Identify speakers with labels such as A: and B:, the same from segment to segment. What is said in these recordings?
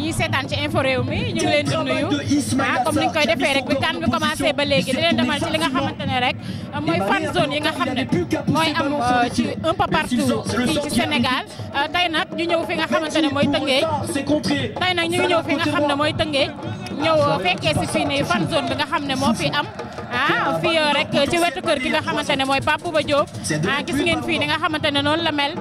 A: ñi seetaan ci info réew mi ñu ngi leen di nuyu ah comme ni ñu koy defee rek bi kan bi commencé ba léegi di leen demal ci li nga xamante ne rek mooy fan zone yi nga xam ne mooy am ne mooy Tëngéej tey nag ñu ngi ñëw fi nga xam ne mooy Tëngéej ñëw euh, fekkee si fii nii fan zone bi nga xam ne moo fi am ah fii euh, rek ci wetu kër gi nga xamante ne mooy Pape ba Diop ah gis ngeen fii ni nga xamante ne noonu la mel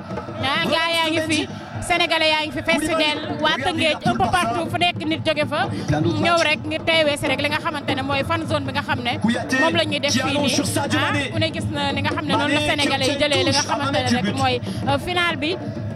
A: ah, gaa yaa ngi fii sénégalais yaa ngi fi festival waa Tëngéej un peu partout fu nekk nit jóge fa ñëw rek ngir teewee si rek li nga xamante ne mooy fan zone bi nga xam ne moom la ñuy def fii nii ah ku gis na li nga xam ne noonu la sénégalais yi jëlee li nga xamante rek mooy euh, final bi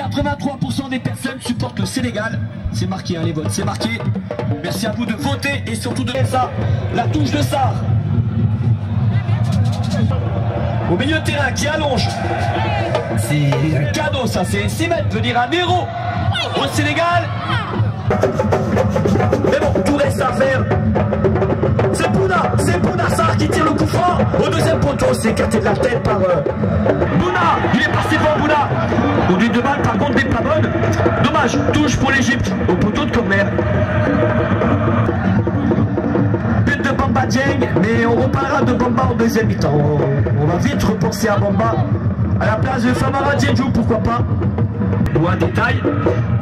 A: 83% des personnes supportent le Sénégal. C'est marqué, hein, les votes, c'est marqué. Merci à vous de voter et surtout de ça, la touche de Sarr. Au milieu de terrain qui allonge. C'est un cadeau, ça, c'est 6 mètres, venir un héros au Sénégal. Mais bon, tout reste à faire. C'est Bouna, c'est Bouna Sarr qui tire le coup fort. Au deuxième poteau, c'est écarté de la tête par euh, Mouna. Bouna. Il est passé par Bouna. Au du de par contre, n'est pas bonne. Dommage, touche pour l'Egypte, au poteau de corner. But de Bamba Dieng, mais on reparlera de Bamba en deuxième mi-temps. On va vite repenser à Bamba. À la place de Famara pourquoi pas Ou un détail.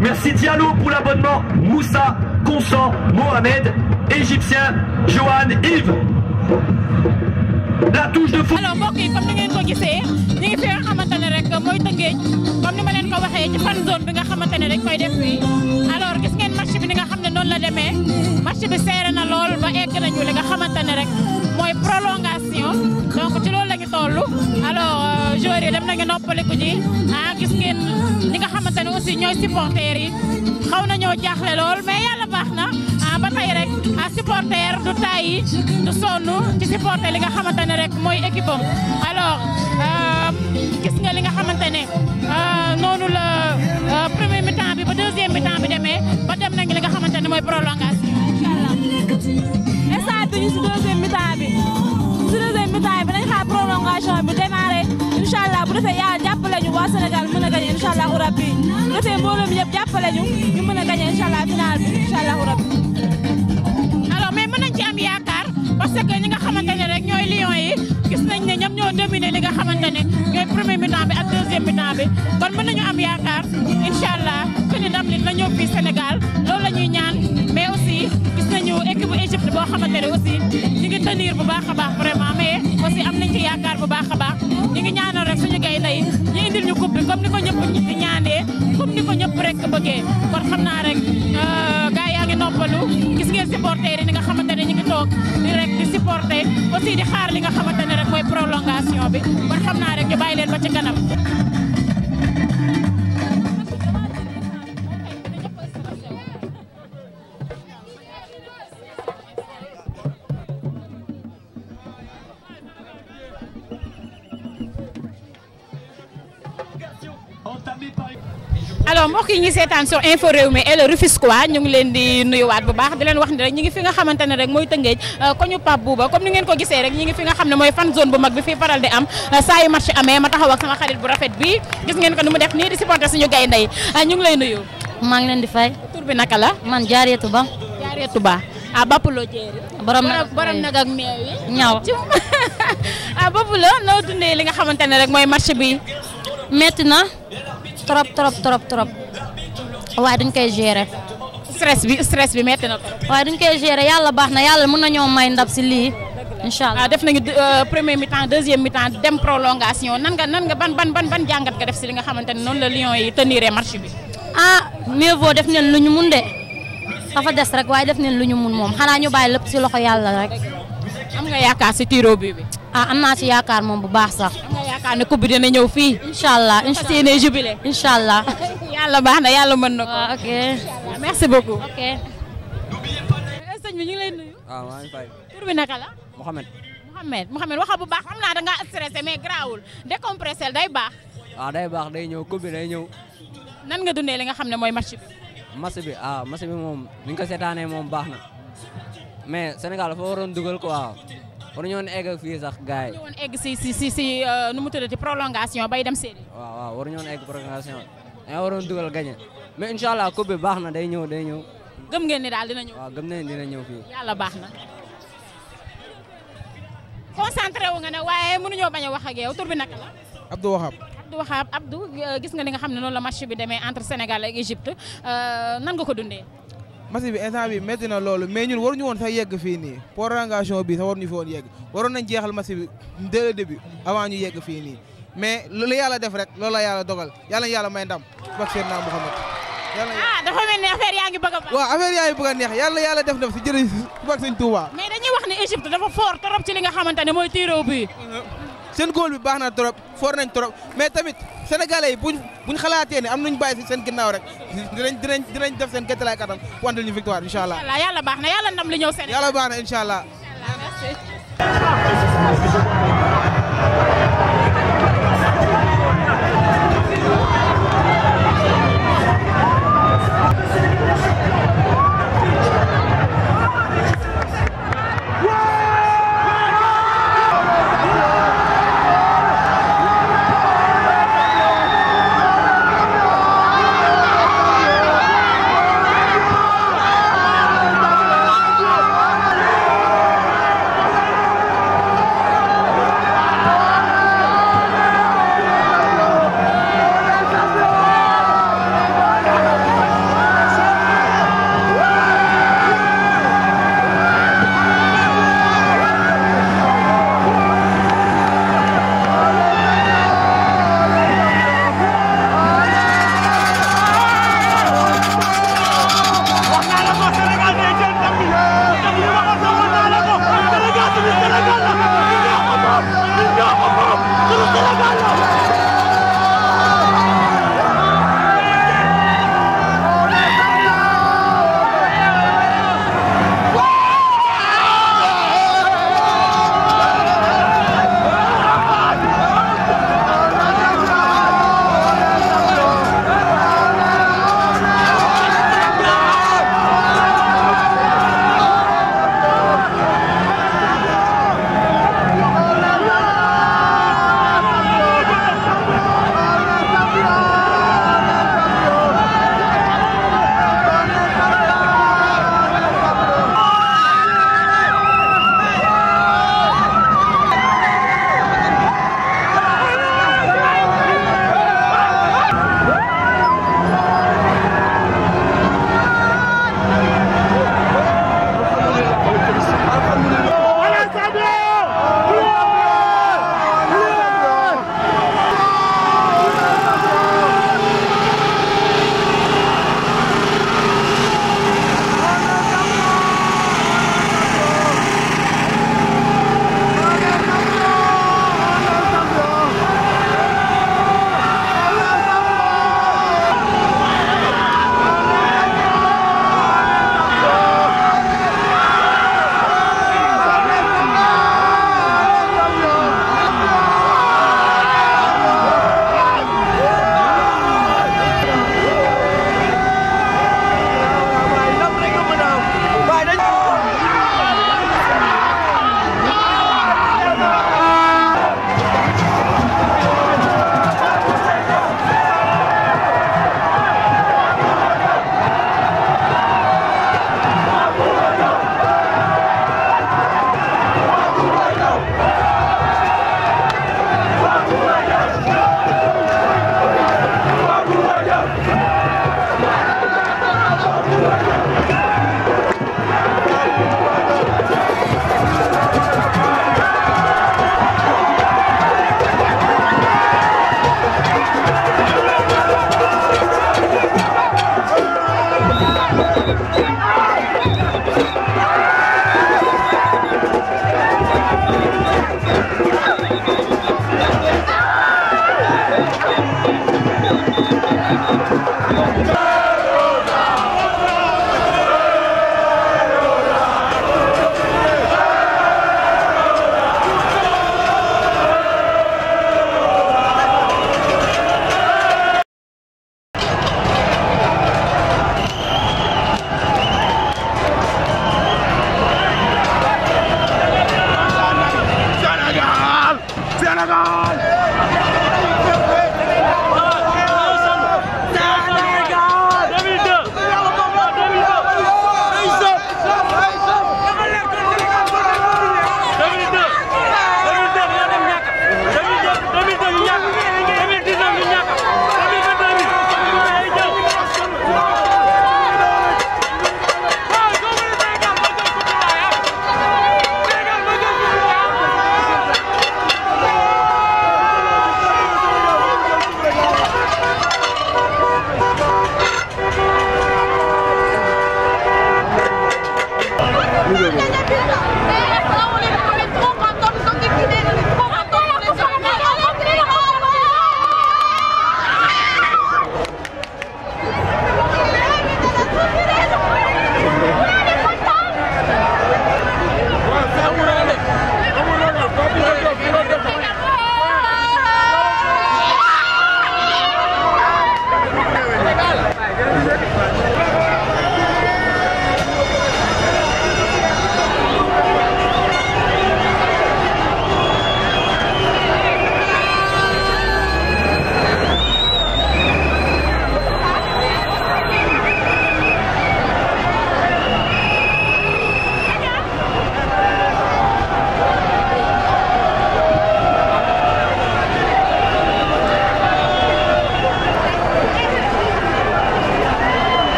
A: Merci Diallo pour l'abonnement. Moussa, Consent, Mohamed, Égyptien, Johan, Yves. la touche de foot. alors mbokk yi comme ni ngeen ko gisee ñu ngi fi nga xamante ne rek mooy Tëngéej comme ni ma leen ko waxee ci fan zone bi nga xamante ne dañ koy def fii alors gis bi ni nga xam noonu la demee match bi seere na lool ba egg nañu li nga xamante ne rek mooy prolongation donc ci loolu la ñu toll alors euh, yi dem nañu noppaliku ji ah gis ngeen ñi nga aussi ñooy supporters yi xaw nañoo jaaxle lool mais yàlla baax na ah ba tey rek ah supporter du tàyyi du sonn ci supporter li nga rek mooy équipe am alors euh, gis nga li nga xamante euh, noonu la. pare ba dem nañ li nga mooy prolongation incha allah. instant bi ñu si deuxième mi-temps si deuxième mi-temps bi nañ xaar prolongation bi démarré incha allah bu defee yàlla jàppale ñu waa Sénégal mën a gagné incha allah rabbi bu defee mbooloo mi yëpp jàppale ñu mën a gagné incha allah final bi incha allah rabbi. alors mais mën nañ ci am yaakaar parce que ñi nga rek ñooy Lions yi gis nañ ne ñoom ñoo dominé ñooy premier mi-temps bi ak fii Sénégal loolu la ñuy ñaan mais aussi gis nañu équipe bu Égypte boo xamante aussi ñu ngi tenir bu baax a baax vraiment mais aussi am nañ ci yaakaar bu baax a baax ñu ngi ñaanal rek suñu gaynde ñu indil ñu coupe bi comme ni ko ñëpp di ñaanee comme ni ko ñëpp rek bëggee kon xam naa rek euh, gars yaa ngi noppalu gis ngeen supporter ni nga xamante ñu ngi toog rek di supporter aussi di xaar li nga xamante ne rek mooy prolongation bi kon xam naa rek ñu mbokk yi ñi sétane sur info rew mi et le quoi ñu ngi leen di waat bu baax di leen wax ni rek ñi ngi fi nga xamante ne rek mooy tëngeej euh, koñu Pape Bouba comme ni ngeen ko gisee rek ñi ngi fi nga xamne moy fan zone bu mag bi fi faral di am euh, saa yu match ma taxaw ak sama xarit bu rafet bi gis ngeen ko ni mu def ni di supporter suñu gay yi euh, ñu ngi lay nuyu ma ngi leen di fay tour bi naka la man Jaareetu Ba Jaareetu Ba a ah, bapulo jeri borom nak ak ñaw a ah, bapulo no dundé li nga xamantene rek moy marché bi metti trop trop trop trop waaye duñ koy gérer. stress bi stress bi metti na trop. waaye duñ koy gérer yalla baxna yalla yàlla mën nañoo may ndab ci li inshallah ah, def nañu euh, premier mi-temps deuxième mi-temps dem prolongation nan nga nan nga ban ban ban ban jangat nga def ci li nga xamante non la lion yi teniree match bi. ah mieux vaut def nañ luñu mën mun de dafa dess rek way def nañ luñu mën mom xana ñu bay lepp ci loxo yalla rek. am nga yaakaar ci tiro bi bi. ah amna ci si yaakaar moom bu baax sax. yaakaar ne coupe bi ñëw fii. incha allah incha allah séenee jubilé. incha allah yàlla baax na yàlla mën na ko. Ah, ok merci beaucoup. ok. Eh, sëñ bi ñu ngi lay nuyu. waaw ah, maa ngi fay. tur bi naka la. Mouhamed. Mouhamed Mouhamed waxal bu baax xam naa da ngaa stressé mais garaawul décompressé day baax. waaw ah, day baax day ñëw coupe bi ñëw. nan nga dundee li nga xam ne mooy match bi. bi ah bi moom ni ko seetaanee moom baax na mais Sénégal dafa waroon dugal quoi. war ñoon egg ak fii sax gars yi. ñu woon egg si si si si euh, nu mu tuddati prolongation bay dem séedéer. waaw waaw war ñoon egg prolongation dañoo waroon dugal gagné mais incha allah coupe bi baax na day ñëw day ñëw. gëm ngeen ni daal dina ñëw. waaw gëm nañu dina ñëw fii. yàlla baax na. concentré wu nga ne waaye mënuñoo bañ a wax ak yow tur bi naka la. Abdou Wahab. Abdou Wahab Abdou euh, gis nga li nga xam ne noonu la match bi demee entre Sénégal ak Égypte euh, nan nga ko dundee. match bi bi métti na loolu mais ñun waruñu woon sax yegg fii nii prolongation bi sax waruñu fi woon yegg waroon nañ jeexal match bi dès le début avant ñu yegg fii nii mais lu yàlla def rek loolu la yàlla dogal yàlla yàlla may ndam bak seen naa Mouhamed ah dafa mel ni yaa ngi bëgg a baax. waaw affaire yaa ngi bëgg a neex yàlla yàlla def na si jërëjëf si bak sëñ dañuy wax ne Égypte dafa fort trop ci li nga xamante ne mooy tiro bi. seen góol bi baax na trop fort nañ trop mais tamit. sénégalais yi buñ buñ xalaatee ne am nañ bàyyi si seen ginnaaw rek dinañ dinañ dinañ def seen kéttalaay katam pour andil ñu victoire incha allah. yàlla baax na yàlla ndam li ñëw Sénégal la baax na incha allah.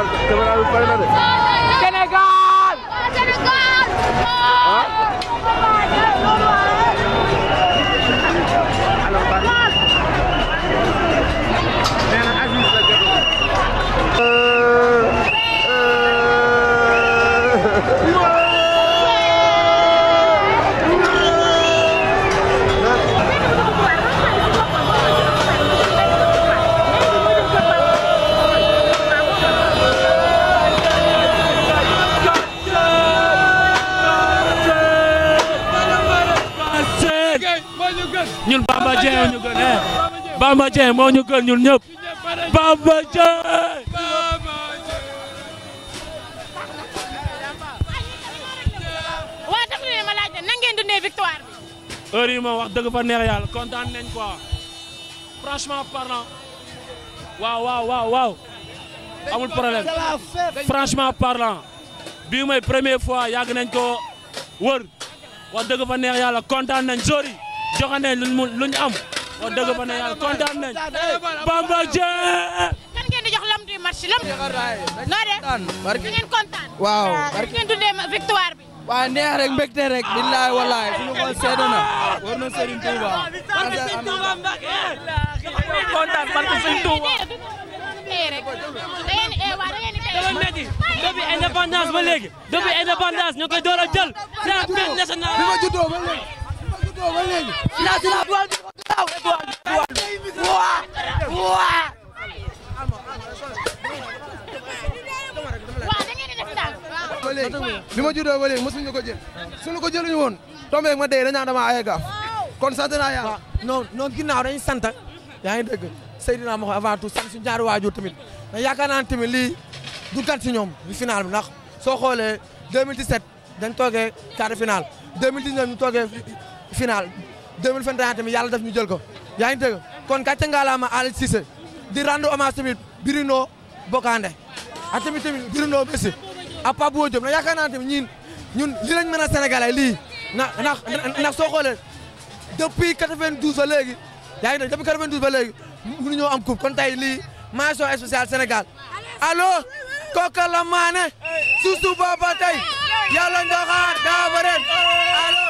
A: 手放うバレなんです。moo ñu gën eh ñun ñëpp Bamba Dieng waaw tax na ma laaj victoire bi heure yi dëgg fa neex yàlla kontaan nañ quoi franchement parlant waaw waaw waaw amul problème franchement parlant bii mooy fois yàgg nañ ko wër wax dëgg fa neex yàlla kontaan nañ sori joxe nañ luñ mun luñ am wax dëgg fa ne yàlla nañ Bamba noo de. barke ngeen waaw barke ngeen tuddee victoire bi. waaw neex rek mbégte rek. billaay wallaay suñu xool seede na. war na Serigne Touba. barke Serigne Touba Mbacké. ba léegi. depuis indépendance ñu koy door a jël. bi ma ba léegi. sila sila duwal bi dafa gaaw. duwal bi duwal bi waa waa. waaw da ngeen di def tànk. ba léegi bi ma juddoo ba léegi mosuñu ko jël suñu ko jëluñu woon. tombé ma dee dañaa dama ay gaaf. kon sant naa yàlla. Ah, non non ginnaaw dañuy sant. yaa ngi dégg Seydina ma ko avant tout sant suñu ñaari waajur tamit mais yaakaar naa tamit lii du kat si ñoom li final bi ndax soo xoolee 2017 dañ toogee quart de finale 2019 ñu toogee. final 2021 tamit yàlla daf ñu jël ko yaa ngi dégg kon kàcce ngaalaama Aliou Cissé di rendre hommage tamit Bruno Bokandé ak tamit tamit Bruno Messi ak Pape Bouba Diop na yaakaar naa tamit ñun ñun li lañ mën a sénégalais lii na na na soo xoolee depuis 92 ba léegi yaa ngi dégg depuis 92 ba léegi mënuñoo am coupe kon tey lii mention spéciale Sénégal allo kooka la susu baba tey yàlla nga xaar